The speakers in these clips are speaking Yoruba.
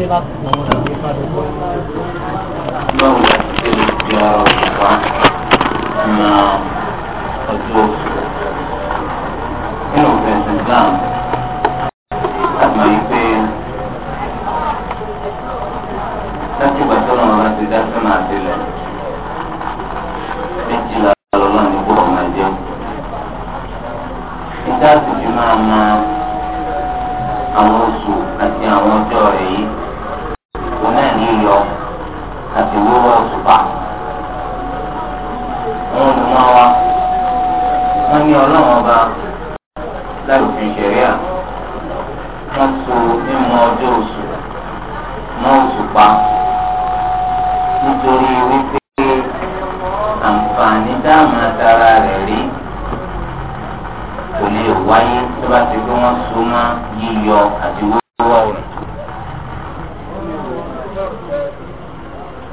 ṣe láti nà wọn ṣe fàdé bọ́. báwo la ṣe lè fi ara òṣùpá na ọjọ́ oṣù nínú fẹ̀sìn Islam àgbà yìí pé láti ìgbà tó lọ́nà láti dá sọ́nà àtìlẹ̀ méjìlá lọ́nà ní gbọ́dọ̀ máa jẹ́ ìdá àtìjú máa àwọn oṣù àti àwọn ọjọ́ rẹ̀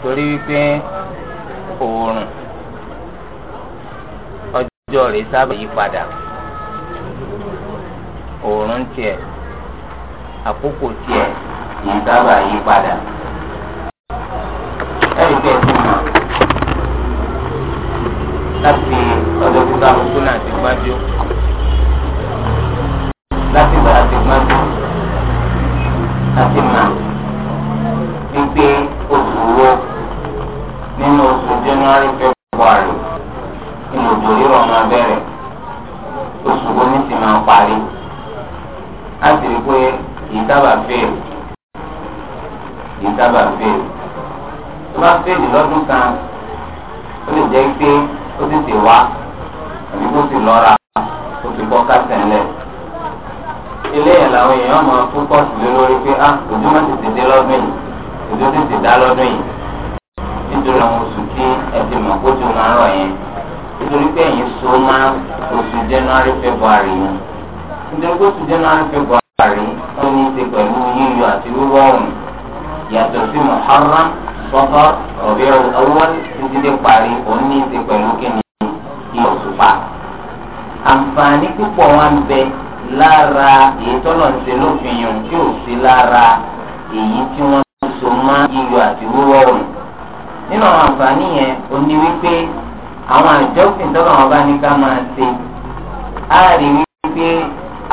torí wípé oòrùn ọjọ́ rẹ̀ sábà yí padà oòrùn tiẹ̀ àkókò tiẹ̀ sábà yí padà. òjò ti ti dá lọ́dún yìí nítorí àwọn oṣù tí ẹ ti mọ̀ kó ti máa rọ̀ yẹn nítorí pé ẹ̀yin so máa oṣù January February yẹn nítorí pé oṣù January February tó ní í ṣe pẹ̀lú yíyọ àti wíwọ̀ ọ̀hún yàtọ̀ sí Muharram Safar Rabi'ul Awwal títí dé parí òun ní í ṣe pẹ̀lú kíni ìyọ̀ òṣùpá àǹfààní púpọ̀ wà ń bẹ lára èyí tọ́lọ̀ ń ṣe lófin yòó tí ò sí lára èyí tí wọ́n. so mọ́ yíyọ àti wíwọ́ òun nínú àwọn àǹfààní yẹn o ní wípé àwọn àjọsìn tọ́lọ̀ wọn bá ní ká máa ṣe á rí wípé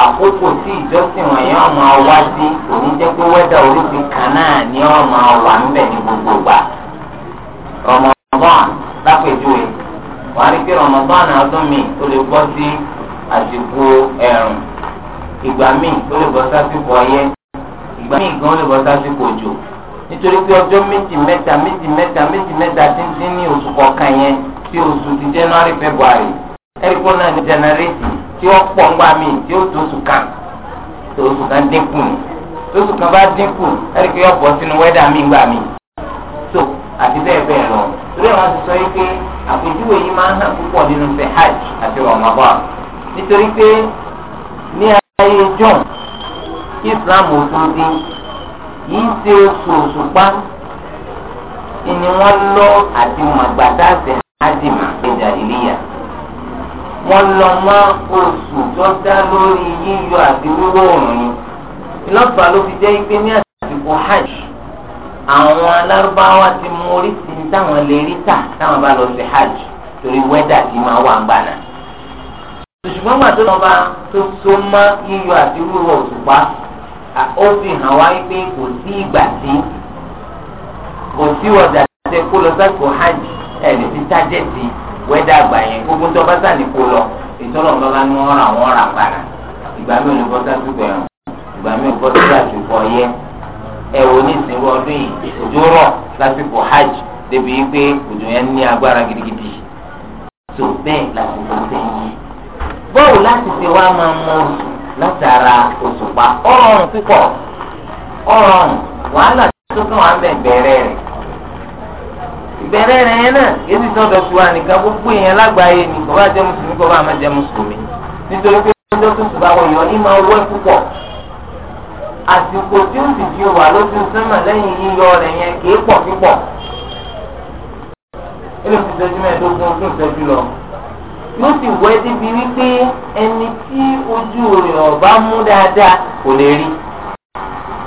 àkókò tí ìjọsìn wọ̀nyẹn ọ̀ máa wá sí òun pé wẹ́dà oríṣi kan náà ni ní gbogbo gbà rí pé ọdún mi ó lè bọ́ sí àsìkò ẹ̀rùn ìgbà míì gan ó nítorí pé ọjọ́ méjì mẹ́ta méjì mẹ́ta méjì mẹ́ta ti ń dín ní oṣù kọ̀ọ̀kan yẹn tí oṣù ti january february ẹ̀ríkọ́ náà ní jẹnẹrétì tí ó pọ̀ ńgbà mí tí ó tó oṣù kan tó oṣù kan dínkù ní oṣù kan bá dínkù ẹ̀ríkọ́ yóò bọ̀ sínú wẹ́dà mí ńgbà mí tó àti bẹ́ẹ̀ bẹ́ẹ̀ lọ torí àwọn ti sọ yìí pé àpèjúwe yìí máa ń hàn púpọ̀ nínú fẹ́ hajj àti ramadan nítorí pé ní ayé john islam ò tó dín kì í ṣe oṣù òṣùpá ni wọ́n lọ àdìmọ̀gbàdá àti àdìmọ̀ ìjà ìlíyà wọ́n lọ mọ́ oṣù tó dá lórí yíyọ àti wíwọ̀ oòrùn ni ìlọ́pàá ló fi jẹ́ pé ní àsìkò hajj àwọn alárúbáwá ti mú oríṣiríṣi táwọn lè rí tà táwọn bá lọ sí hajj torí wẹ́dà ti máa wà gbàdà ṣùgbọ́n gbàdúrà ọba tó so mọ́ yíyọ àti wíwọ̀ òṣùpá ó sì hàn wá pé kò sí ìgbà tí kò sí ọjà tẹ kó lọ sẹ́kọ̀ọ́ hajj ẹ̀ lè fi tájẹ́tì wẹ́dà àgbà yẹn gbogbo tó bá sàn ní kó lọ ìtọ́lọ̀ bàbá ní wọ́n rà wọ́n rà padà ìgbà mi ò ní bọ́sà tó bẹ̀rù ìgbà mi ò bọ́sà láti fọ yẹ ẹ wò ní ìsinmi ọdún yìí òjò rọ̀ lásìkò hajj débi pé òjò yẹn ní agbára gidigidi tó bẹ́ẹ̀ lásìkò sẹ́yìn bọ́ọ̀lù láti ṣe wá máa mọ oṣù látara òṣùpá ọrọrùn púpọ̀ ọrọrùn wàhálà tó kàn wá ń bẹ̀ bẹ̀rẹ̀ rẹ̀ ìbẹ̀rẹ̀ rẹ̀ yẹn náà yéésì sọ̀dọ̀ tó wà nìkan gbogbo èèyàn lágbàáyé ni kò bá jẹ́ mùsùlùmí kò bá má jẹ́ mùsùlùmí nítorí pé ọjọ́ tó sùn bá wọ yọ ní máa wọ́ púpọ̀ àsìkò tí ó sì fi wà lójú sẹ́mà lẹ́yìn yíyọ rẹ̀ yẹn kì í pọ̀ púpọ̀ ó lè fi ìṣẹ́jú mẹ́ẹ̀ẹ́dógún fún ìṣẹ́jú lọ yóò sì wọ ẹ́ débi wípé ẹni tí ojú rẹ̀ ọ̀bá mú dáadáa kò lè rí.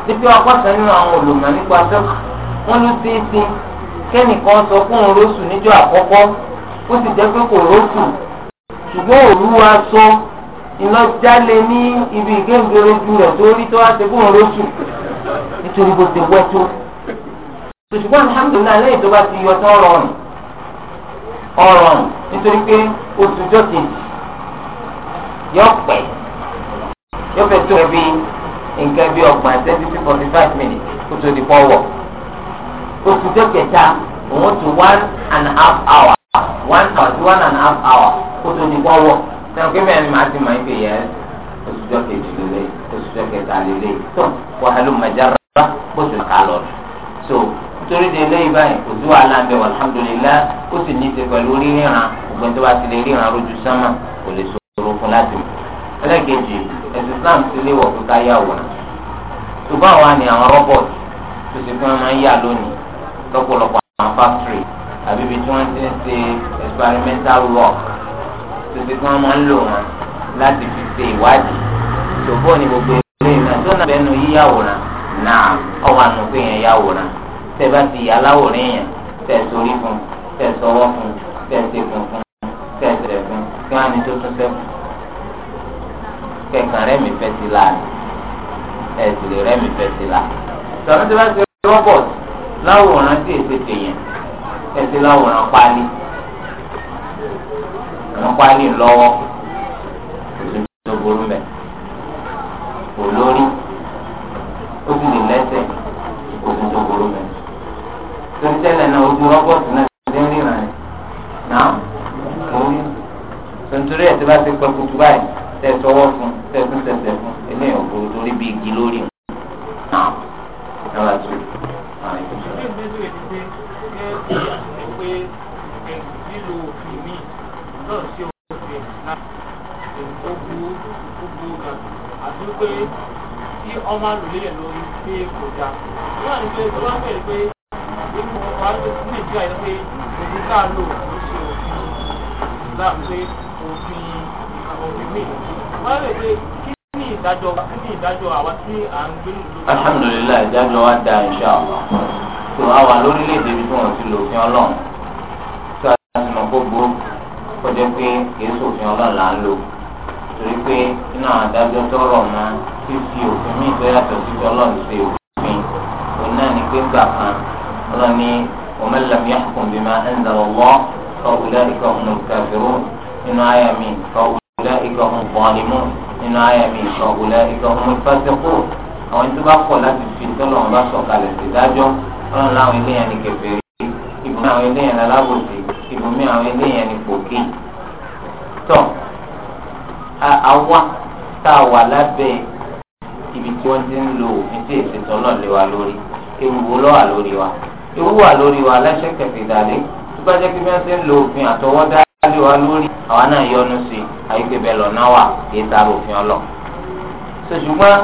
Níbi apáta nínú àwọn olùmọ̀ nípa fẹ́ẹ̀kù, wọ́n ló dé ti kẹ́nìkan sọ fún òun lóṣù níjọ́ àkọ́kọ́, ó sì jẹ́ pé kò róṣù. Ṣùgbọ́n sọ ní ibi ìgéǹdoro ju rẹ̀ tó rí tó wá ṣe fún òun lóṣù alhamdulilayi tó ti yọ tán rọrùn. ọrọ̀n nítorí pé oṣù jọ́sìn yọ pẹ́ yọ fẹ́ tó bí nǹkan bí ọgbọ̀n àti twenty forty five minutes kó tó di pọ́wọ́ oṣù tó kẹta òun ti one and a half hour one hour to one and a half hour kó tó di pọ́wọ́ sẹ́wọ́n kí mẹ́rin máa ti mọ̀ ẹ́ pé yẹ oṣù tó kejì lélẹ̀ oṣù tó kẹta lélẹ̀ tó wàhálà mọ̀jára bó ṣe kà lọ so torí de lẹ́yìn báyìí kò sí wàhálà bẹ́ẹ̀ alhamdulillah ó sì ní í ṣe pẹ̀lú ríran ògbẹ́ni tó bá ti lè ríran rojú sánmà kò lè sọ̀rọ̀ fún láti mú. ẹlẹ́kejì ẹ̀sìn Islam ti léwọ̀ kó ká yà wọ̀ ṣùgbọ́n àwa ni àwọn rọ́bọ̀tì tó ti fún wọn máa ń yà lónìí lọ́pọ̀lọpọ̀ àwọn fáktírì àbí ibi tí wọ́n ti ń ṣe experimental work tó ti fún wọn máa ń lò wọn láti fi ṣe ìwádìí ṣòfò ni gbogbo ìlú ìrìnà tó nà bẹ́ẹ̀ nu yíyàwòrán náà ọ̀wà nù pé yẹn yàwòrán tẹ́ bá ti aláwòrán èèyàn tẹ́ sórí fún tẹ́ sọwọ́ fún tẹ́ ṣe fún fún tẹ́ ṣẹlẹ̀ fún kí wọ́n á ní tó tún sẹ́kù kẹkàn rẹ mi fẹ́ ti la ẹ̀sìn rẹ mi fẹ́ ti la tọ́lá tí wọ́n ti rọ́bọ̀t láwòrán tí èsì tèèyàn ẹ̀sìn láwòrán pálí àwọn pálí lọ́wọ́ òsì tó burú mẹ́ olórí tẹ́lẹ̀ náà ojú rọ́bọ̀tì náà ti ń ríran ẹ̀ náà orí tuntun rẹ̀ tí bá ti pẹ́ kutu báyìí tẹ̀ sọ́wọ́ fún tẹ̀ fún tẹ̀sẹ̀ fún eléyàn kò lórí bí igi lórí náà ẹ̀ wá sí pé kí ọmọ àlùlẹ̀ lórí pé kò dáa. Wọ́n á ní pé tó bá ń bẹ̀rẹ̀ pé èmi mo máa ń nàìjíríà yìí pé òfin tá lò ló òfin islam pé òfin òfin mi wọ́n lè ṣe kí ní ìdájọ́ kí ní ìdájọ́ àwa tí à ń gbé nìlú. alhamdulilayi ìdájọ́ wa da insha Allah tó àwa lórílẹ̀‐èdè bí wọ́n ti lò òfin ọlọ́run tó a ti mọ̀ kó burú kó jẹ́ pé kìí sòfin ọlọ́run là ń lò torí pé nínú àwọn adájọ́ tó rọ̀ mọ́ fífi òfin míì tó yàtọ̀ sí ọlọ́run ṣe òfin òun náà ni pé gbà kan ọlọ́ni ومن لم يحكم بما أنزل الله فأولئك هم الكافرون nínú àyà mi فأولئك هم الظالمون nínú àyà mi فأولئك هم الفاسقون àwọn tó bá kọ̀ láti fi tọ́lọ̀ wọn bá sọ̀kalẹ̀ sí dájọ́ ọlọ́run láwọn eléyàn ní kèfèrí ibùmí àwọn eléyàn ní alábòsí ibùmí àwọn eléyàn ní pòkì. tọ́ àwa tá a wà lábẹ́ ibi tí wọ́n ti ń lo òfin tí èsì tọ́lọ̀ lé wa lórí ewu ló wà lórí wa ewu wà lórí wa aláṣẹ kẹfì dàlẹ tó bá jẹ́ pé bí wọ́n ṣe ń lo òfin àtọwọ́dá lé wa lórí àwa náà yọnu sí àyíké bẹ́ẹ̀ lọ́nà wà kì í tara òfin ọlọ. ṣùgbọ́n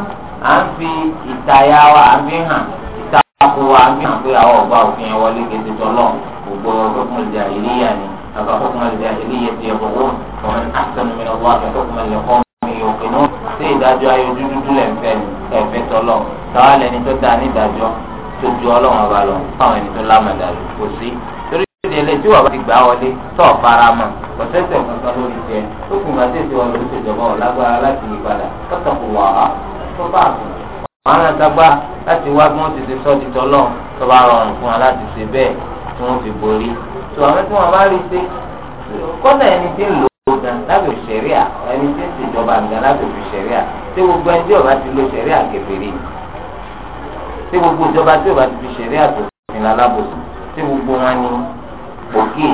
à ń fi ìtayà wa à ń fi hàn ìtakò wa à ń fi hàn pé àwọn ọba òfin ẹ̀ wọlé kì í ti tọ́lọ̀ gbogbo ọgbọ́n ìdí àìríyà ni àgbà fọ́kùnrin ìdí àìríyà ti ẹ̀ bọ̀wọ́ ọ̀hún àtẹnumẹ́ ọgbọ́n àtẹ̀fọ́kùnrin ilẹ̀ kọ́ mi ìdájọ́ ayé dúdú lẹ́ńfẹ́ ẹ̀fẹ́ tọ́lọ̀ táwa lẹni tó dáa ní ìdájọ́ tó ju ọlọ́run ọba lọ fáwọn ẹni tó lámàdà lò kò sí torí ìdí ẹlẹ́yìn tí wàá bá ti gbà wọlé tó ọ̀fara mọ̀ ọ̀sẹ̀sẹ̀ kankan lórí tiẹ̀ tó kùn bá tẹ̀sí wọn lórí ìṣèjọba ọ̀lágbára láti yí padà tọ́tàkùn wà á tó bá àgùn. wọn á dágbá láti wá bí wọn ti ṣe sọ́ọ̀dì tọ́lọ̀ tó bá rọrùn fún wa láti ṣe bẹ́ẹ̀ tí wọ́n fi borí. tó àwọn tí wọ́n bá rí ṣe kọ́nà ẹni tí ń lò ó gan lábẹ́ òṣèré à ẹni tí rí tí gbogbo ìjọba tí ò bá ti fi ṣeré àtòfin alábòsí tí gbogbo wọn ní òkè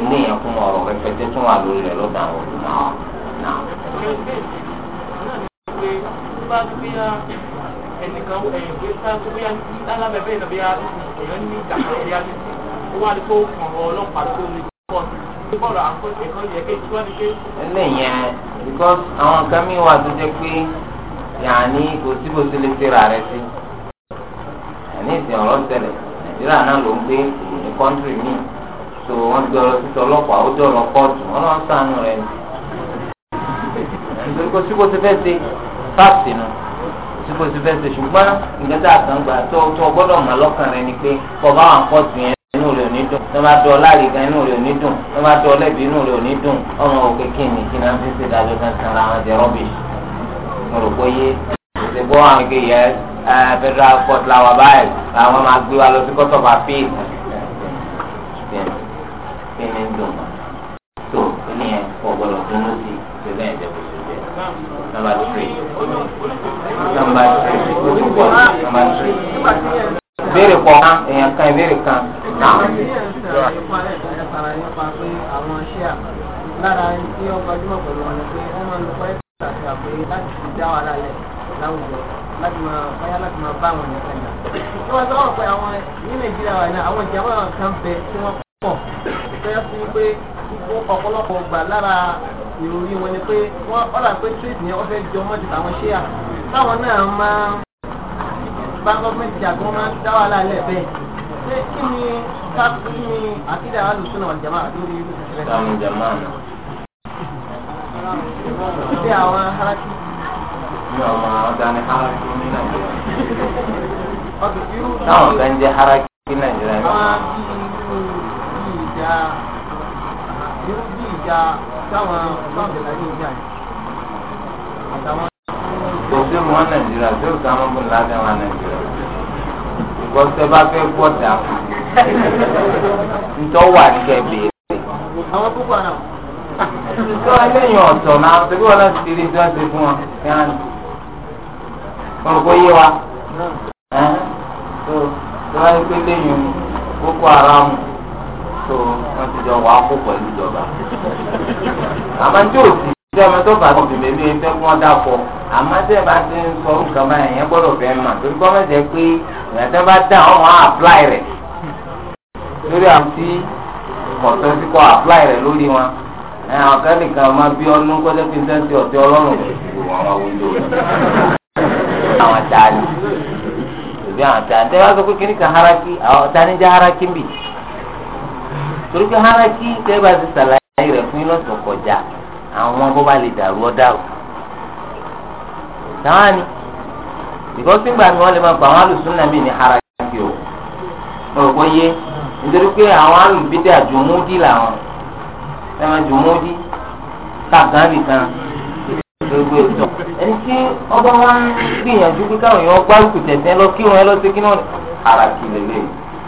ilé yẹn kún ọ̀rọ̀ rẹpẹtẹ tún wà lórí rẹ lọ́dọ̀ àwọn olùmọ̀ náà. ẹnìkan ẹ̀yìn pé sáà tó bóyá alábẹ́bẹ́ ìnàbíyá èèyàn ní ìjàmbá ìyá mi ó wá ní kó kàn ọ́ ọlọ́pàá tó lè kọ́ sí eléyẹn because àwọn kan mi wà tó jẹ pé yàní kò sí kò sí lè ṣe rà rẹ sí ní ìsìn ọ̀rọ̀ ṣẹlẹ̀ nàìjíríà náà ló ń gbé ní kọ́ńtírì míì tó wọ́n gbé ọ̀rọ̀ títọ́ ọlọ́pàá ó dọ̀rọ̀ kóòtù wọn náà ń sànù rẹ̀ ní. nítorí pé síbò ti fẹ́ ṣe fáàtì nù síbò ti fẹ́ ṣe ṣùgbọ́n nǹkan tá a kàn gbà tó tó gbọ́dọ̀ mọ̀ lọ́kàn rẹ̀ ni pé bọ́bá wà kóòtù yẹn inú rẹ̀ ò ní dùn tó máa dọ̀ láàrin gan inú rẹ̀ ò ní dùn tó máa dọ̀ lẹ́bi inú rẹ̀ ò ní dùn ọmọ òkè kí ni kí náà fi ṣe dájọ́ kan sanra àwọn jẹ́ rọ́bì mo rò pé yé àwọn ike yẹn federal court làwọn báyìí làwọn máa gbé wa lọ sí court of appeal kí ni ń dùn tó kí ni ẹ kọ gbọ́dọ̀ tó ń lò sí ìgbésẹ̀ ẹjẹ kò sí jẹ number three number three number three ìbéèrè pọ̀ kan èèyàn kan ìbéèrè kan náà. lára tí ó gbajúmọ̀ pẹ̀lú wọn ni pé wọ́n máa ń lọ pẹ́ àgbà ìròyìn wọn ni pé wọ́n ọ̀là pé trade yẹn wọ́n fẹ́ jọ mọ́ ju àwọn ṣéyà táwọn náà máa bá gọ́ọ̀mẹ̀ntì jà kí wọ́n máa dá wàhálà lẹ̀ bẹ́ẹ̀ ṣé kí ni ká kí ni àkídà alùsùn náà jàmá lórí ìlú ìṣẹ̀lẹ̀ bí àwọn haraki. bí àwọn dani haraki ní nàìjíríà. táwọn kan jẹ haraki ní nàìjíríà ní. wọ́n á bí bí ìjà irú bí ìjà táwọn ọlọ́ọ̀dẹ̀lá yóò jà yìí. àtàwọn. kò sí mu wọn nàìjíríà tí ó sá wọn bó ládé wọn nàìjíríà. ìgbọ́sẹ̀ bá fẹ́ gbọ́dà. ntọ́ wà ní kẹ́ àwọn púpọ̀ náà tó ẹlẹ́yìn ọ̀tọ̀ náà ṣebí wọn náà ti rí tí wọ́n ti fún wọn yára ni wọn kò yé wa tó tó wọ́n ti pé lẹ́yìn omi Boko Haram tó wọ́n ti jọ wàá kó pẹ̀lú ìjọba àmọ́ tí ò sí tí ọmọ tó bàtọ̀ bèbè bí ẹ fẹ́ kí wọ́n dàpọ̀ àmọ́ tí ẹ bá ti ń sọ nǹkan báyìí yẹn gbọ́dọ̀ fẹ́ mà torí kọ́ mẹ́sẹ̀ pé ìrìnàjò bá dà ọ́ á apply rẹ̀ lórí àwọn tí kọ̀tọ́ sí kọ́ apply rẹ̀ lórí wọn ẹ àwọn kan nìkan máa bí ọdún kọjá fi sẹ́ńsì ọ̀tẹ́ ọlọ́run àwọn tani ìbí àwọn tani tẹ́wọ́ sọ pé kí ni kan haraki àwọn tani jẹ́ haraki bì torí pé haraki tẹ́wọ́ ti sàlàyé rẹ̀ fún ilọ̀sọ̀ kọjá àwọn bó bá lè dàrú ọ́ dàrú táwọn ni bìkọ́sí gbà mí wọ́n lè máa gba àwọn alùsùn náà mí ní haraki o mo rò pé yé nítorí pé àwọn alùbídà jòmúdì làwọn ẹran jùmọ́dí kàgán nìkan gbogbo ìtọ̀ ẹni tí ọba wa ń gbìyànjú pé káwọn èèyàn gbárùkù tẹ̀sẹ̀ lọ kí wọn lọ sí kí wọn haraki lélẹ̀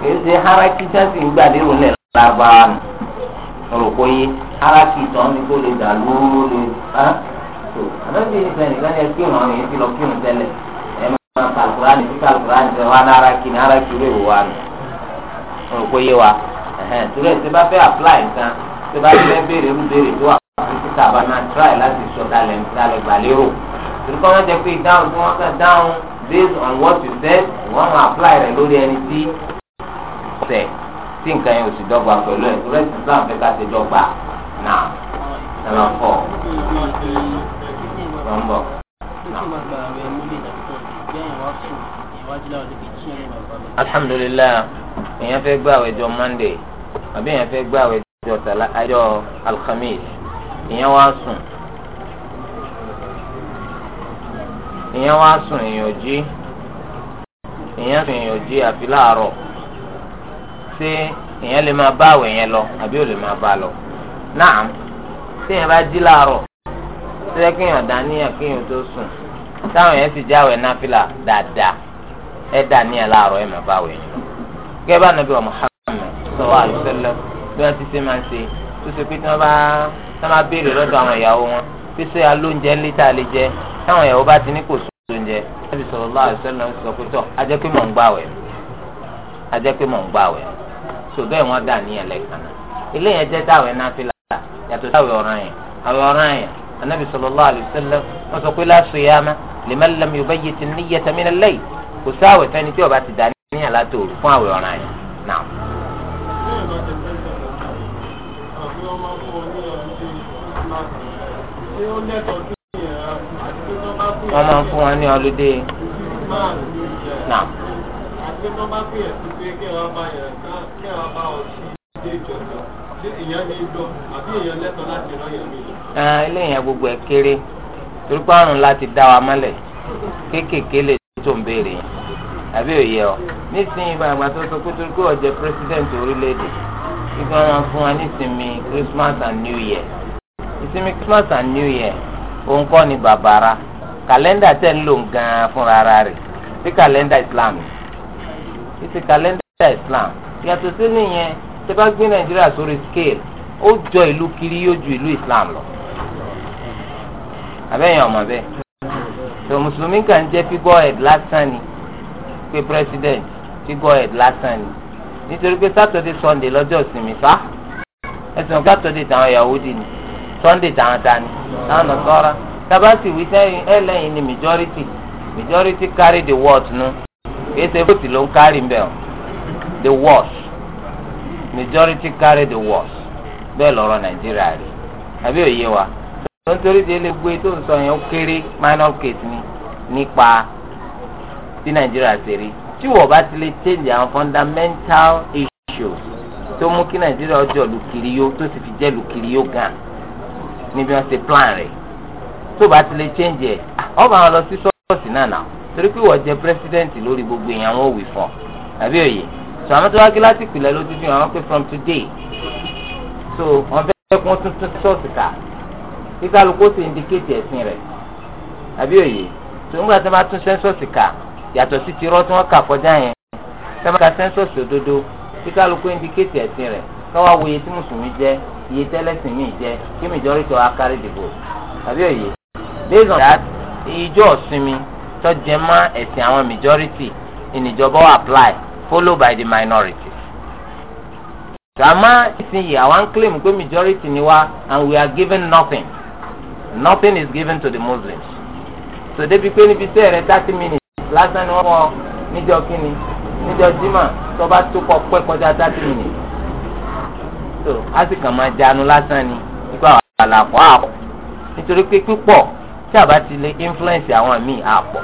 èyí ṣe haraki jáde ìgbà lérò lẹ̀ lába òròpó yé haraki ìtàn ni kò lè dà lóró lè á tó àdókè ìfẹ́ nìkan yẹ kí wọn èyí ti lọ kí wọn tẹ́lẹ̀ ẹ máa kàlùkùránì tí kàlùkùránì tẹ wá ní haraki ní haraki lè wò wá ní òròpó yé wa ẹ̀hẹ́n torí ẹ̀ ti bá fẹ́ apply nǹkan tí bá ti fẹ́ béèrè ń béèrè tó wà fún títà bá máa try láti sọ dalẹ̀ dalẹ̀ gbàlérò tòlùkọ́ wọn jẹ pé ìdáhùn tí wọ́n kàn dáhùn based on what you said wọ́n máa apply rẹ̀ lórí ẹni tí sẹ̀ tí nǹkan yẹn ò sì dọ́gba pẹ̀lú ẹ̀ torí ẹ̀sìn Islam fẹ́ ká ṣe dọ́gba náà nàmà fọ́ ọ̀ ń bọ̀. alhamdulilayi èèyàn fẹ́ gbààwẹ̀ jọ Monday àbí èèyàn fẹ́ gbààwẹ̀ ọjọ́ tala ọjọ́ alhamis ìyẹn wá sùn ìyẹn wá sùn èèyàn jí ìyẹn sùn èèyàn jí àfi láàárọ̀ ṣé ìyẹn lè máa bá àwẹ̀ yẹn lọ àbí ò lè máa bá a lọ náà tí èèyàn bá jí láàárọ̀ tó yẹ kéèyàn dàníyàn kéèyàn tó sùn táwọn yẹn sì jáwèé náfìlà dáadáa ẹ dàníyàn láàárọ̀ ẹ máa bá àwẹ̀ yẹn lọ. gẹ́gẹ́ bá nàbí wa Muhammad sallallahu alaihi wasallam bí wọ́n ti ṣe máa ń ṣe tó ṣe pé tí wọ́n bá tí wọ́n bá béèrè lọ́dọ̀ àwọn ìyàwó wọn pé ṣé alóúnjẹ lítà lè jẹ táwọn ìyàwó bá ti ní kò sóò lóúnjẹ ẹbí sọ̀rọ̀ lọ́wọ́ àìsàn sọ pé tọ́ a jẹ́ pé mò ń gbàwẹ̀ a jẹ́ pé mò ń gbàwẹ̀ so bẹ́ẹ̀ wọ́n dà ní ẹlẹ́kan ilé yẹn jẹ́ táwẹ̀ náfìlà yàtọ̀ táwẹ̀ ọ̀ràn yẹn àwẹ̀ ọ̀ràn yẹn anabi ọ̀ràn yẹn wọ́n máa ń fún wọn ní ọlọ́dẹ eléyìí gbogbo ẹ̀ kéré torí pé àrùn láti dá wa mọ́lẹ̀ kéékèèké lè tó ń béèrè yẹn àbí òye ọ nísìnyí bàbá tó sọ pé torí pé ọ̀jẹ̀ orílẹ̀-èdè kí wọ́n máa fún wa nísìnyí Christmas and New Year. ìsinmi Christmas and New Year òun kọ́ ni bàbàrà kàlẹ́ndà tẹ̀ ń lò gan-an fúnra ara rẹ̀ sí kàlẹ́ndà Islam yìí sí kàlẹ́ndà Islam yàtọ̀ sí nìyẹn tẹ bá gbé Nàìjíríà sórí scale ó jọ ìlú kiri yóò ju ìlú Islam lọ abẹ́yẹn ọmọ bẹ́ẹ̀ tó mùsùlùmí kan jẹ́ figure head lásán ni pé president figure head lásán ni nítorí pé Saturday Sunday lọ́jọ́ ìsinmi sá ẹ̀sìn ọ̀gá tọ́jú ìtàn Yahudi ni sunday tàn dání táwọn nà sọ́ra tabasi wí sẹ́yìn ẹ lẹ́yìn ni majority majority carry the word nu kìí ṣe vote ló ń carry ń bẹ̀ the worst majority carry the worst bẹ́ẹ̀ lọ́rọ̀ nàìjíríà rí àbí òye wa tó ń torí de elégbé tó ń sọ yẹn ó kéré minor case ni nípa tí nàìjíríà ṣe rí tí wọ́n bá ti lè change àwọn fundamental issues tó mú kí nàìjíríà ọjọ́ lùkìrì yó tó sì fi jẹ́ lùkìrì yó gan-an níbi wọn ṣe plan rẹ̀ tó bá ti lè change ẹ̀ ọba ah, wọn lọ sí ṣọ́ọ̀ṣì náà nà torí pé ìwọ jẹ́ president lórí gbogbo èèyàn wọn ò wí fún ọ àbí òye sọ àwọn tó wá gé láti ìpìlẹ̀ lójú fi hàn pé from today so wọn fẹ́ kún tuntun ṣọ́ọ̀ṣì ká kí kálukú sì indicate ẹ̀sìn rẹ̀ àbí òye tó ń gbà tí wọn bá tún ṣọ́ọ̀ṣì ká yàtọ̀ sí tirọ́ tí wọ́n kà kọjá yẹn tí wọ́n bá ka ṣọ́ọ̀ṣì òdodo kí kálukú indicate ẹ̀sìn rẹ̀ káwá wòye tí mùsùlùmí jẹ́ iye tẹ́lẹ̀sìn mi jẹ́ kí majority wa carry the vote àbí òye based on that ìjọ ọ̀sinmi tó jẹ mọ́ ẹ̀sìn àwọn majority ìníjọba apply followed by the minority. Sàmá ìsinyìí àwọn ń claim pé majority ni wá and we are given nothing nothing is given to the Muslims. So débi pé níbi sẹ́ẹ̀ rẹ thirty minutes lásán ni wọ́n wọ́n níjọ́ kínní níjọ́ jimá tó bá tó kọ pẹ́ kọjá thirty minutes tó a sì kàn máa jánu lásán ni nípa àlàfo nítorí pé pípọ̀ tí a bá ti lè influence àwọn míì àpọ̀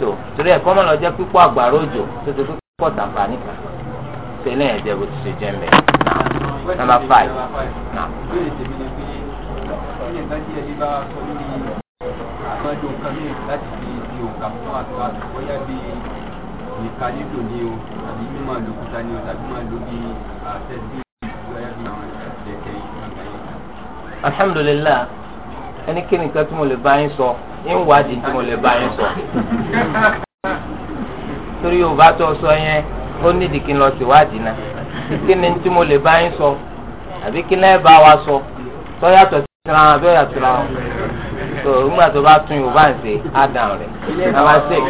so torí ẹ̀kọ́ mọ̀ lọ jẹ́ pípọ̀ àgbàrá òjò tó ti pípọ̀ tàǹfà nìkan tẹ́lẹ̀ ẹ̀ jẹ́ bó ti ṣe jẹ́ mẹ́ nàmbà five nà. Àgbàdo kan ní láti fi di òǹkà fún àtúntò àti bóyá bíi ìka nílò ni o tàbí mímọ lòkúta ni o tàbí máa lo bí àtẹ́sí ìgbéyàwó bí àwọn ìdẹ̀kẹ́ ìgbàgbọ́ yẹn. alhamdulilayi ẹnikẹ́ni kan tí mo lè bá yín sọ ń wádìí tí mo lè bá yín sọ torí yorùbá tó sọ yẹn ó nídìí kí n lọ síwádìí náà kí tí mo lè bá yín sọ àbí kí náà bá wa sọ sọ yàtọ̀ síra wọn àbí ọ̀yàtọ̀ síra wọn. so nígbà tó bá tún yorùbá ń ṣe á dáhùn rẹ̀ nàbà six.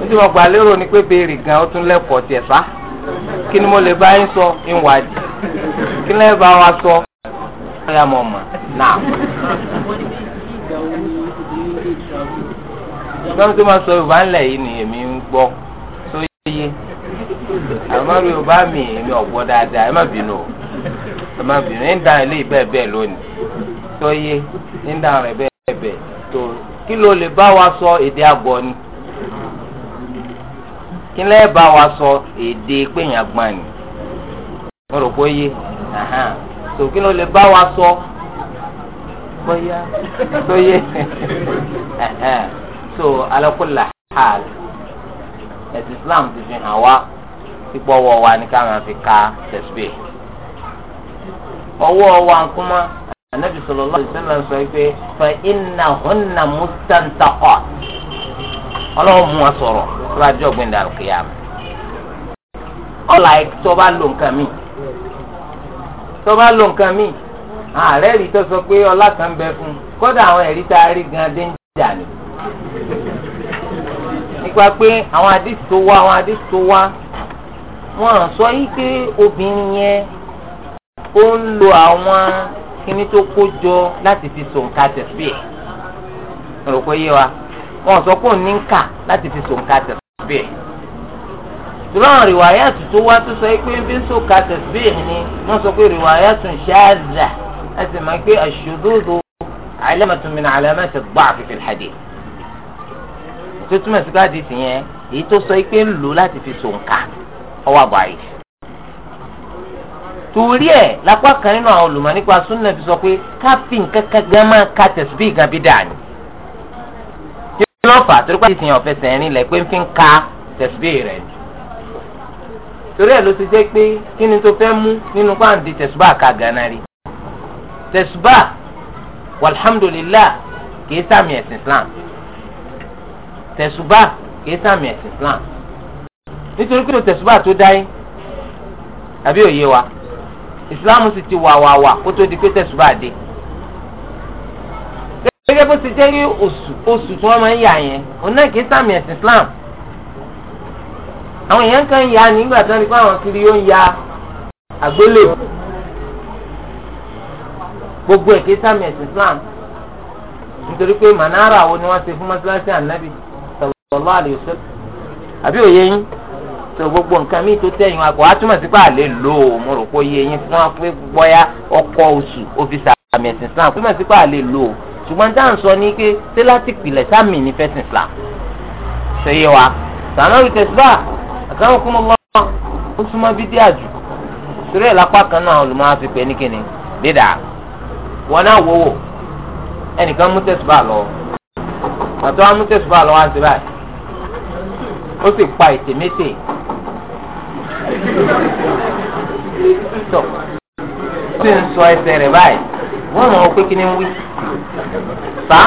nítorí gbà lérò ni pé béèrè gan ó tún lẹ́kọ̀ọ́ tiẹ̀ kí ni mo lè bá yín sọ kí bá wa sọ mọ̀ mọ̀ náà. sọ yorùbá ńlẹ̀ yìí ni èmi ń gbọ́ tó yé àmọ́ yorùbá ọmọbìnrin ń da ilé bẹ́ẹ̀ bẹ́ẹ̀ lónìí tó yé ń da rẹ̀ bẹ́ẹ̀ bẹ́ẹ̀ tó kí ló lè bá wa sọ èdè àgbọ̀ ni kí lẹ́ bá wa sọ èdè péyàn gbọ́n ni mo rò pé yé tó kí ló lè bá wa sọ bóyá tó yé so alákùlà hàl ẹ̀sìn Islam ti fi hàn wá pípọ̀ wọ̀ wá ní káwọn fi ka tẹ̀síbẹ̀. ọwọ́ wa nkúmá anabi sallallahu alaihi sọ pé fa innahunna mustantaqat ọlọ́wọ́ mú wa sọ̀rọ̀ lọ́jọ́ gbẹ̀ndà kìyàmù ọ̀là tó bá lo nǹkan mi tó bá lo nǹkan mi ààrẹ rí tó sọ pé ọlá kan bẹ fún un àwọn ẹ̀rí tá a rí gan dénjà ni nípa pé àwọn tó wá àwọn tó wá wọn sọ pé obìnrin ó ń lo àwọn kíní tó kó jọ láti fi sòǹkà tẹ̀síbíì rò pé yé wa wọn sọ pé òun ní ń kà láti fi sòǹkà tẹ̀síbíì tùrọ̀n rìwáyàtù tó wá tó sọ pé bí sòǹkà tẹ̀síbíì ni wọ́n sọ pé rìwáyàtù ṣáàzà láti máa pé àṣùdúdú علامة من علامات الضعف في الحديث tó túmọ̀ sí káàdì tìyẹn èyí tó sọ pé ń lò láti fi sònkà ọwọ́ àbọ̀ torí ẹ̀ lápá kan nínú àwọn olùmọ̀ nípa súnà fi sọ pé káfí nǹkan kan gan máa ka tẹ̀síbí gan bí dàní. kí ló fà torí pé ìsìn ọ̀fẹ́ sẹ́rin lẹ̀ pé ń fi ń ka tẹ̀síbí rẹ̀ ni. torí ẹ̀ ló ti jẹ́ pé kí ni tó fẹ́ mú nínú pàǹdì tẹ̀síbá ka gánà rí. tẹ̀síbá walhamdulillah kìí sàmì ẹ̀sìn Islam tẹ̀síbá kìí sàmì ẹ̀sìn Islam nítorí pé tẹ̀síbá tó dá yín àbí òye wa ìsìláàmù sì ti wà wà wà kó tó di pé tẹ̀sùbà dé. gẹ́gẹ́ bó ti jẹ́ rí oṣù oṣù tí wọ́n máa ń yà yẹn òun kì í sàmì ẹ̀sìn Islam. àwọn èèyàn kan ń ya nígbà tí wọ́n rí pé àwọn kiri yóò ń ya àgbélé. gbogbo ẹ̀ kì í sàmì ẹ̀sìn Islam. nítorí pé mànàrà wo ni wọ́n ṣe fún mọ́ṣáláṣí ànábì sallallahu alaihi wasallam àbí òye yín tó gbogbo nǹkan míì tó tẹ̀yìn wa kò á túmọ̀ sí pé àlè lò ó mo rò pé iye yín fún wa pé bọ́yá ọkọ̀ oṣù òfìsà àmì ẹ̀sìn Islam túmọ̀ sí pé àlè lò ó ṣùgbọ́n tá à ń sọ ní pé ṣé láti pìlẹ̀ sáàmì ní fẹ́sìn Islam ṣe yé wa sàmárì tẹ̀síbà àtàwọn kúmọ̀ lọ́wọ́ ó súnmọ́ bídí àjù sórí ẹ̀ lápá kan náà olùmọ̀ á fi pè é ní kíni bídà wọn náà wọ́wọ́ ẹnìkan mú tẹ̀síbà lọ pàtó wa mú tẹ̀síbà lọ wá sí ó sì pa ètè méjèèjì tó ó sì ń sọ ẹsẹ̀ rẹ̀ báyìí wọ́n mọ̀ ọ́ pé kí ni ń wí fa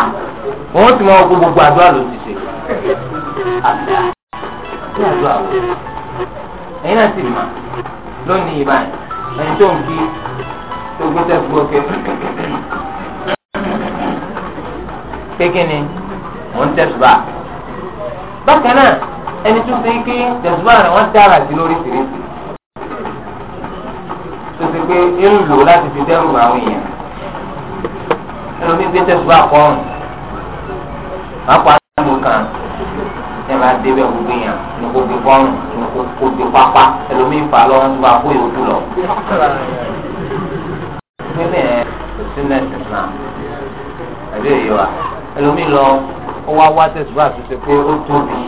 wọ́n sì mọ̀ ọ́ gbogbo àdúrà ló ti ṣe àdá kí àdúrà wò ẹ̀yin náà sì mà lónìí báyìí ẹni tó ń kí tó gbé tẹ́sí gbókè pé kí ni mò ń bákan náà ẹni tó ṣe pé tẹ̀síwá rẹ̀ wọ́n dára sí lóríṣiríṣi tó ṣe pé ń lò láti fi dẹ́rù àwọn èèyàn ẹni omi gbé tẹ̀síwá kọ́ọ̀n pápá àdúgbò kan ẹ máa débẹ̀ gbogbo èèyàn ní kó gbé kọ́ọ̀n ní kó gbé pápá ẹlòmí ìfà lọ́wọ́ tó bá kó yòókù lọ. pínlẹ̀ sínẹ́tì náà àbí èyí wa ẹlòmí lọ ó wá wá tẹ̀síwá tó ṣe pé ó tóbi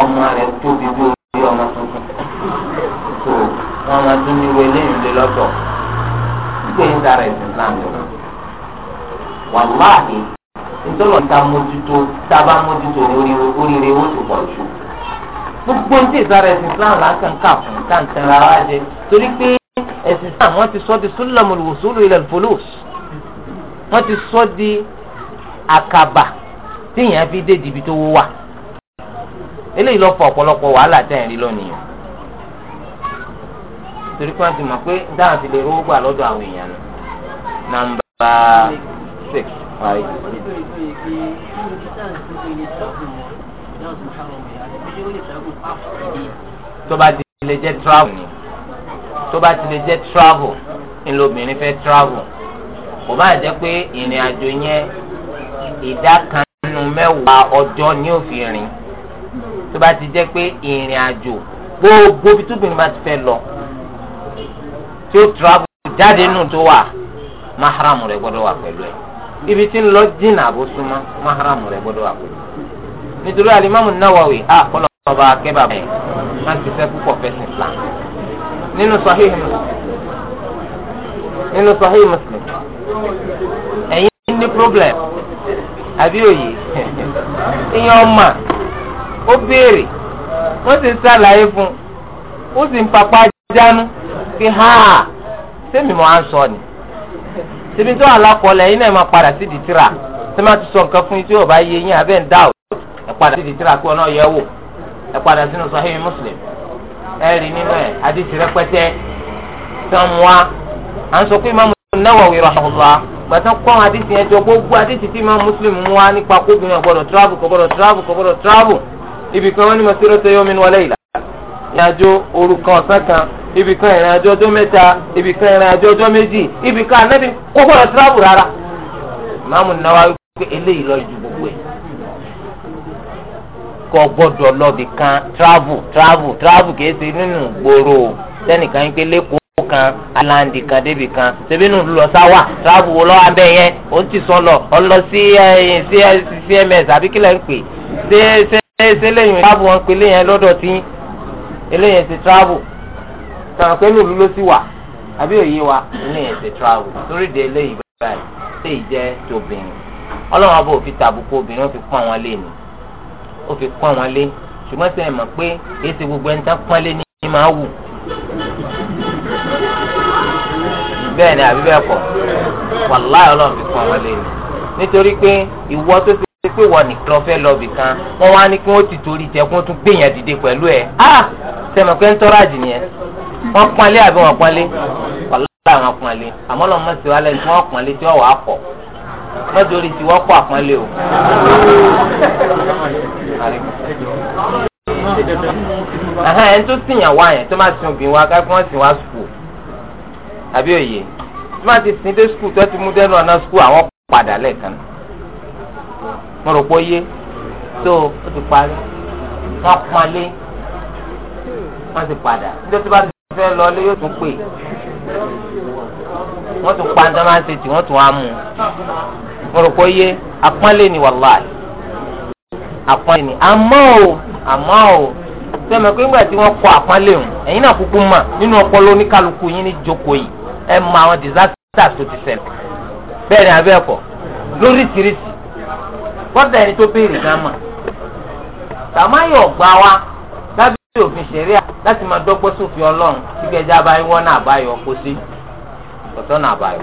ọmọ rẹ̀ tóbi bí orí ọmọ tuntun tó wọn máa tún ní wọlé ìlú lọ́tọ̀ nígbà yín dára ẹ̀sìn Islam yọ̀ wàláhì nítorí ọ̀tá mójútó tá a bá mójútó ní oríire ó ti pọ̀ jù gbogbo ní ìsára ẹ̀sìn Islam lásán kà fún káńtàn rárá jẹ torí pé ẹ̀sìn Islam wọ́n ti sọ di sulamul wusul ila al-fulus wọ́n ti sọ di àkàbà téèyàn fi dé dìbì tó wó wà eléyìí lọ fọ ọ̀pọ̀lọpọ̀ wàhálà tẹ̀yìn rí lónìí o torí pé wọ́n ti mọ̀ pé dáhùn ti lè rówó gbà lọ́dọ̀ àwọn èèyàn nù nàmbà six five. tó bá ti lè jẹ́ travel ni tó bá ti lè jẹ́ travel ni lóbìnrin fẹ́ travel kò bá jẹ́ pé ìrìn àjò yẹn ìdá kan nínú mẹ́wàá ọjọ́ ni ó fi rìn tó bá ti jẹ́ pé ìrìn àjò gbogbo bí tóbìnrin bá ti fẹ́ lọ tí ó travel jáde nù tó wà mahram rẹ̀ gbọ́dọ̀ wà pẹ̀lú ẹ̀ ibi tí ń lọ jìnnà àbó súnmọ́ mahram rẹ̀ gbọ́dọ̀ wà pẹ̀lú nítorí alimami Nawawi a kọlọ ọba akẹba bẹ́ẹ̀ má ti fẹ́ púpọ̀ fẹsẹ̀ Islam nínú sahih muslim nínú sahih muslim ẹ̀yin ní problem àbí òye ìyẹn ọmọ. ó béèrè wọ́n sì ń sàlàyé fún un ó sì ń papá jánu fi hàn sẹ́mi mọ́ à ń sọ ni síbi tó alákọ̀ọ́lẹ̀ yín náà máa padà sí di máa ti sọ nǹkan fún yín tí yóò bá yé yín abẹ́ ń dá o ẹ padà sí di tírà kí ọ̀nà yẹ wò ẹ padà sínú Muslim ẹ rí nínú ẹ àdìsí rẹpẹtẹ tán wá à ń sọ pé Imam kọ́ àdìsí yẹn jọ gbogbo àdìsí Muslim mú nípa kóbìnrin ọ̀gbọ́dọ̀ travel travel travel ibi kan wọ́n ní masirata yawmin wa layla ìrìn àjò òru kan ọ̀sán kan ibi kan ìrìn àjò ọjọ́ mẹ́ta ibi kan ìrìn àjò ọjọ́ méjì ibi kan anábì kókó lọ tíráàbù rárá ìmáàmù Nawawi pé eléyìí lọ ju gbogbo ẹ̀ kọ́ gbọ́dọ̀ lọ́bì kan tíráàbù tíráàbù tíráàbù kìí ṣe nínú gbòòrò sẹ́nìkan ń pé lẹ́kọ̀ọ́ kan alandi kan débi kan ṣebí nù lọ sáwà travel wo lọ́wọ́ abẹ́ yẹn ó ti sọ lọ ọ lọ sí eh, eh, cms àbí ń pè ṣé ṣé e si lẹ́yìn ìpábù wọn pe lẹ́yìn lọ́dọ̀ tí eléyìn ti travel sọ̀rọ̀ pé lùlù ló sì wà àbí òye wa eléyìn ti travel torí de eléyìí báyìí ṣé ìjẹ́ tóbìnrin ọlọ́run abọ́ òfin tàbùkù obìnrin ó fi pọ́n wọn lé ni ó fi pọ́n wọn lé gbogbo ẹni tán lé máa wù ni àbí bẹ́ẹ̀ fi wọn lé ni nítorí pé ìwọ ṣe pé wọ́n nìkan fẹ́ lọ bì kan wọ́n wá ní kí wọ́n ti torí jẹ kó tún gbìyàn dìde pẹ̀lú ẹ̀ á sẹ́mi pé ń tọ́ra jì nìyẹn wọ́n pọ́nlé àbí wọ́n pọ́nlé wàlúwà àwọn pọ́nlé àmọ́ lọ́mọ sí wa lẹ́nu tí wọ́n pọ́nlé tí wọ́n wà á pọ̀ mọ́tòrí tí wọ́n kọ́ àpọ́nlé o. ẹni tó sìyàn wá yẹn tó máa sin obìnrin wa káfí wọ́n sìn wá sùkúù àbí òye tó máa ti sin dé sùkúù tó ti mú dẹ́nu ọ̀nà sùkúù àwọn padà lẹ́ẹ̀kan náà mo rò pé ó yé so ó ti parí wọ́n pọ́nlé wọ́n ti padà nítorí tí bá ti fẹ́ lọ lé yóò tún pè wọ́n tún pa ndọ́mà ṣe tì wọ́n tún á mú mo rò yé apọ́nlé ni wàláì apọ́nlé ni àmọ́ o àmọ́ o sẹ́mi pé ńgbà tí wọ́n kọ àpọ́nlé o ẹ̀yin náà kúkú mà nínú ọpọlọ oníkálukú yín ní jókòó yìí ẹ̀ mọ àwọn disaster tó ti ṣẹlẹ̀ bẹ́ẹ̀ ni abẹ́ ẹ̀kọ́ lóríṣiríṣi kọ́dà ẹni tó béèrè náà mọ̀ tàmáyọ̀ gbá wa lábẹ́ òfin ṣẹ̀ríà láti máa dọ́gbọ́ sófin ọlọ́run tí kẹjá abáyé wọ́n náà àbáyọ kó sí ọ̀tọ́ náà àbáyọ.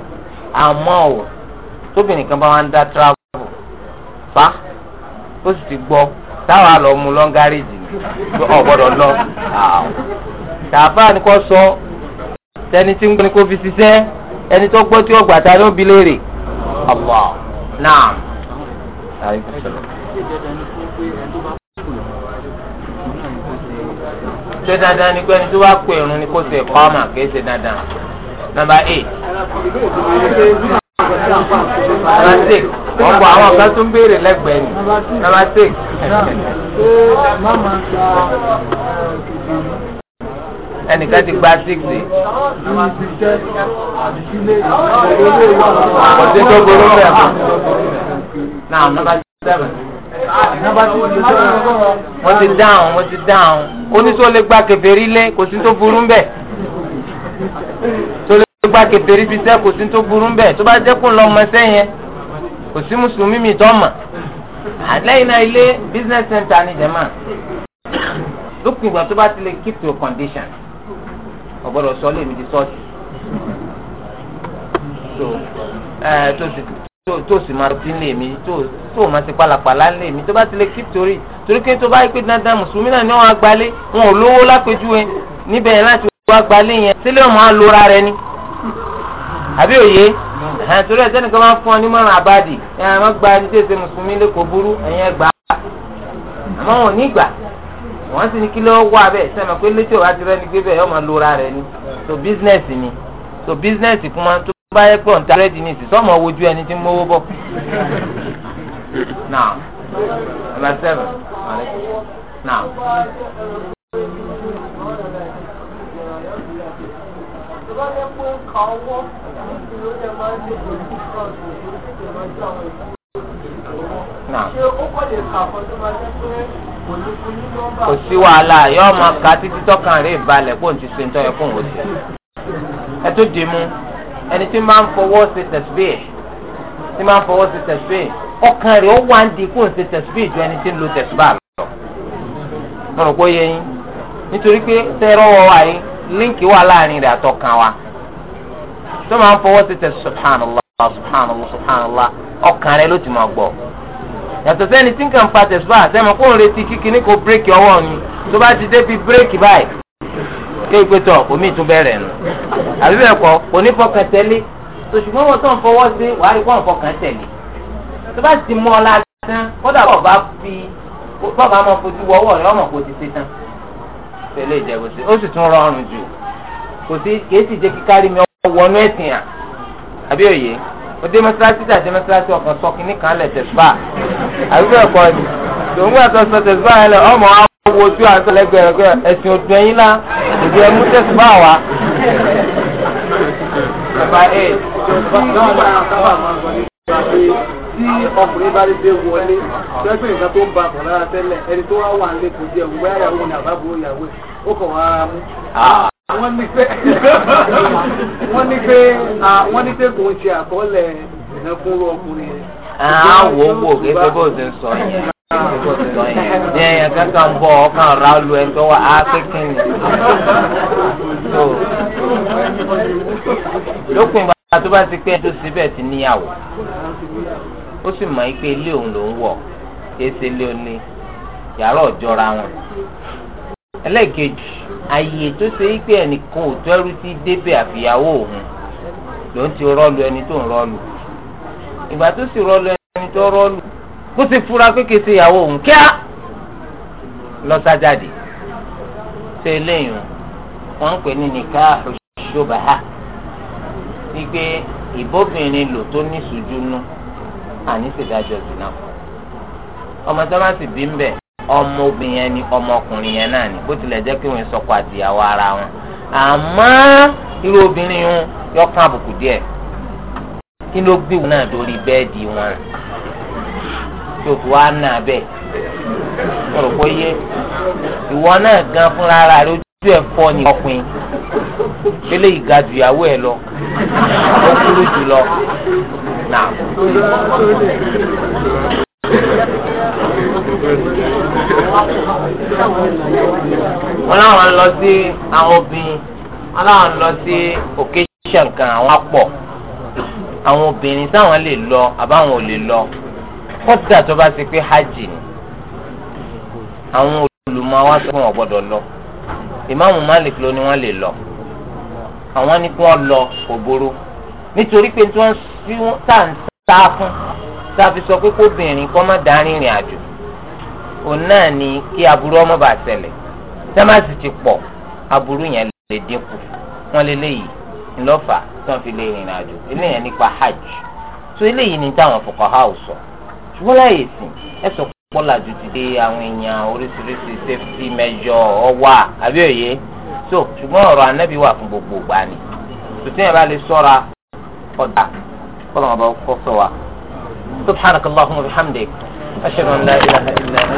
àmọ́ ò tóbìnrin kan bá wá ń dá travel fa ó sì ti gbọ́ táwa lọ mú lọ́ngárìjì ní ọ̀gbọ́dọ̀ lọ. tàbá ni kò sọ tẹni tí ń gbọ́ ni kò fi ṣiṣẹ́ ẹni tó gbọ́ tí ó gbà ta ló bi léèrè. Allah naam ṣé dandan ni pé ẹni tó bá pè irun ni kó ṣe ẹ̀kọ́ ọmọ kì í ṣe dandan nọ́mbà eight nọ́mbà six wọn bọ àwọn kan tó ń béèrè lẹ́gbẹ̀ẹ́ ni nọ́mbà six. ẹnìkan ti gba six yìí. kò sí tó burú bẹ́ẹ̀ mọ́ now number seven number two mo ti dáhùn mo ti dáhùn oníṣòwò lè gba kèfèrí lé kò sí tó burú mbẹ tó lè gba kèfèrí bí sẹ kò sí tó burú mbẹ tó bá jẹ kó lọ ọmọ ẹsẹ kò sí mùsùlùmí mi tó mọ àlẹyìn náà ilé business center ni jẹmọ lópin ìgbà tó bá ti lè keep your condition ọgbọdọ sọ lè mi di ṣọ́ọ̀ṣì so ẹ tó ti tó tó sì máa ti lè mí tó tó máa ti palapàla lè mí tó bá ti lè keep torí torí pé tó bá yẹ pé dandan mùsùlùmí náà ni wọn agbalé wọn ò lówó lápèjúwe níbẹ̀ yẹn láti wọ́n agbalé yẹn sílẹ̀ wọn máa lora rẹ ni àbí òye ẹ̀ torí ẹ̀ sẹ́nìkan máa fún ọ ní márùn àbádì ẹ̀ ẹ̀ wọ́n gba ẹni tí èsè mùsùlùmí lè kó burú ẹ̀yìn ẹ̀ gbà á àmọ́ wọn ò ní gbà wọ́n sì ní kí lọ́wọ́ wà tó bá yẹ pé òǹtà rẹ́dì ní ìsìn sọ́mọ wojú ẹni tí ń mówó bọ̀. now number seven now. kò sí wàhálà yóò máa ka títí tọ́kàn rè balẹ̀ pé òun ti ṣe ń tọ́ yẹ kóun ẹ tó dì í mú. ẹni tí máa ń fọwọ́ ṣe tẹ̀síbíì tí máa ń fọwọ́ ṣe tẹ̀síbíì ọkàn rẹ̀ ó wá ń di kó ń ṣe tẹ̀síbíì ju ẹni tí ń lo tẹ̀síbà lọ. mo rò pé yẹ yín nítorí pé tẹ́rọ wọ wa yìí líǹkì wà láàrin rẹ̀ àtọkàn wa tó máa ń fọwọ́ ṣe tẹ̀síbíì subhanallah subhanallah subhanallah ọkàn rẹ̀ ló ti máa gbọ́ yàtọ̀ sẹ́ni tí nǹkan fa tẹ̀síbà sẹ́mi kó ń retí kíkiní kó bírèkì ọwọ́ ni tó bá ti dé bí bírèkì báyìí kéyì pé tọ omi ìtún bẹ̀rẹ̀ nù àbí bẹ́ẹ̀ kọ́ òní fọkàn tẹ̀lé sòṣùgbọ́n wọn tó ń fọwọ́ sí wàá rí fọ́n fọkàn tẹ̀lé tó bá ti mọ́ ọ lásán kódà bọ́ọ̀ bá fi bọ́ọ̀ bá máa fojú wọ́wọ́ rẹ ọmọ kò ti ṣe tán tẹ̀lé ìjẹ́bù sí ó sì tún rọrùn jù kò sí kìí sì jẹ́ kíkárí mi wọnú ẹ̀sìn à àbí òye ó dé mọ́sálásí tà dé mọ́sálásí ọkàn sọ kínní kan lẹ̀ tẹ̀síbà àbí bẹ́ẹ̀ kọ́ ni tòun gbà tó sọ tẹ̀síbà yẹn lẹ̀ ọmọ wo tí wàá sọ lẹ́gbẹ̀ẹ́ rẹ̀ ẹ̀sìn òtún ẹ̀yìn náà ìdí ẹ̀mú tẹ̀sí bá wa. bàbá ẹ náà máa sábà máa sọ ní ìgbà pé tí ọkùnrin bá dé wọlé tẹ́gbẹ́ nǹkan tó ń ba àpọ̀ tẹ́lẹ̀ ẹni tó wá wà ń lé kò jẹ́ òun bá yàwó ni àbábò ìyàwó ó kàn wá mú. Ah. wọ́n ní pé wọ́n ní pé wọ́n ní pé kò ń ṣe àkọọ́lẹ̀ ìnákúnrú ọkùnrin àwọn wo wo bó ṣe ń sọ yẹn ní ẹ̀yàn kankan ń bọ̀ ọkàn ra lu ẹ̀ tó wà á kékin ni. lópin ìgbà tó bá ti pé ẹ̀ tó síbẹ̀ ti níyàwó ó sì mọ̀ pé ilé òun ló ń wọ̀ kéésì ilé oní yàrá ọ̀jọ́ra wọn. ẹlẹ́ẹ̀kejì ààyè tó ṣe é pé ẹnìkan ò tẹ́rù sí débẹ̀ àfìyàwó òun ló ń ti rọ́ọ̀lù ẹni tó ń rọ́ọ̀lù ìgbà tó sì rọ́ọ̀lù ẹni tó rọ́ọ̀lù bó ti fura pé kìí ṣe ìyàwó òun kíá lọ́sàjáde ṣe ń pè ní nìka ni pé lò tó ní sùjúnú àní ṣèdájọ́ zina ọmọ tó bí ń ọmọ obìnrin ni ọmọkùnrin yẹn náà ni bó tilẹ̀ jẹ́ ara wọn àmọ́ irú obìnrin àbùkù díẹ̀ kí wọn. tó fi wá nà bẹ́ẹ̀ ọ̀rọ̀ kò yé ìwọ náà gan fúnra ara rẹ ojú ẹ̀ fọ́ ni ọkùnrin kélé ìga ju ìyàwó ẹ̀ lọ ó kúrú jù lọ nà. wọn láwọn lọ sí àwọn obìnrin wọn láwọn lọ sí occasion kan àwọn apọ̀ àwọn obìnrin sáwọn lè lọ àbáwọn ò lè lọ kódà tó bá ti pé hajj ni àwọn olùmọ̀ wa sọ fún wọn gbọ́dọ̀ lọ ìmáàmù Malik ló ní wọ́n lè lọ àwọn ní kí wọ́n lọ kò burú nítorí pé tí wọ́n fi tá à ń sá fún tá a fi sọ pé kóbìnrin kọ́ má darí ìrìn àjò òun náà ni kí aburú ọmọ bá ṣẹlẹ̀ sẹ́másì ti pọ̀ aburú yẹn lè dínkù wọ́n lé léyìí ńlọ́fà tí wọ́n fi lè rìnrìn àjò eléyìí nípa hajj tó eléyìí ní táwọn fuqaha sọ. So ṣùgbọ́n láyè ìsìn ẹ sọ pọ́ làjù ti dé àwọn èèyàn oríṣiríṣi safety measure ọwà àbí òye so ṣùgbọ́n ọ̀rọ̀ anábì wà fún gbogbo ìgbà ni tòtí yẹn bá lè sọ́ra ọ̀dà kọ́ lọ́wọ́ bá kọ́ sọ wa subhanakallahumma wa bihamdik ashhadu an la ilaha illa anta.